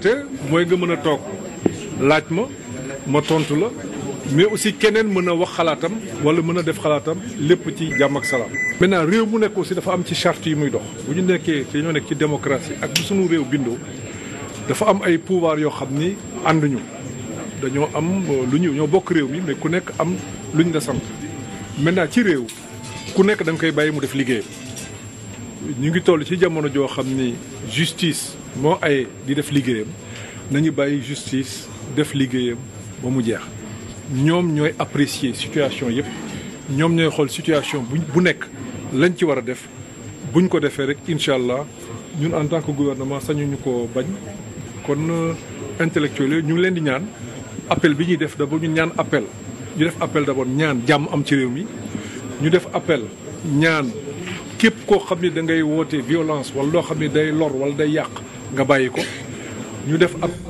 te mooy nga mën a toog laaj ma ma tontu la mais aussi keneen mën a wax xalaatam wala mën a def xalaatam lépp ci jàmm ak salaam. maintenant réew mu nekk aussi dafa am ci charte yi muy dox bu ñu nekkee te ñoo nekk ci démocratie ak bu sunu réew bindoo dafa am ay pouvoir yoo xam ni ànduñu dañoo am euh, lu ñu ñoo bokk réew mi mais ku nekk am lu ñu la sant maintenant ci réew ku nekk da koy bàyyi mu def liggéeyam ñu ngi toll ci jamono joo xam ni justice. moo ay di def liggéeyam nañu bàyyi justice def liggéeyam ba mu jeex ñoom ñooy apprécier situation yëpp ñoom ñooy xool situation bu bu nekk lañ ci war a def buñ ko defee rek incha allah ñun en tant que gouvernement sañuñu ko bañ kon euh, intellectuels yooyu ñu ngi leen di ñaan appel bi ñuy def d'abord ñu ñaan appel ñu def appel d'abord ñaan jàmm am ci réew mi ñu def appel ñaan képp koo xam ne da ngay woote violence wala loo xam ne day lor wala day yàq nga bàyyi ko ñu def ab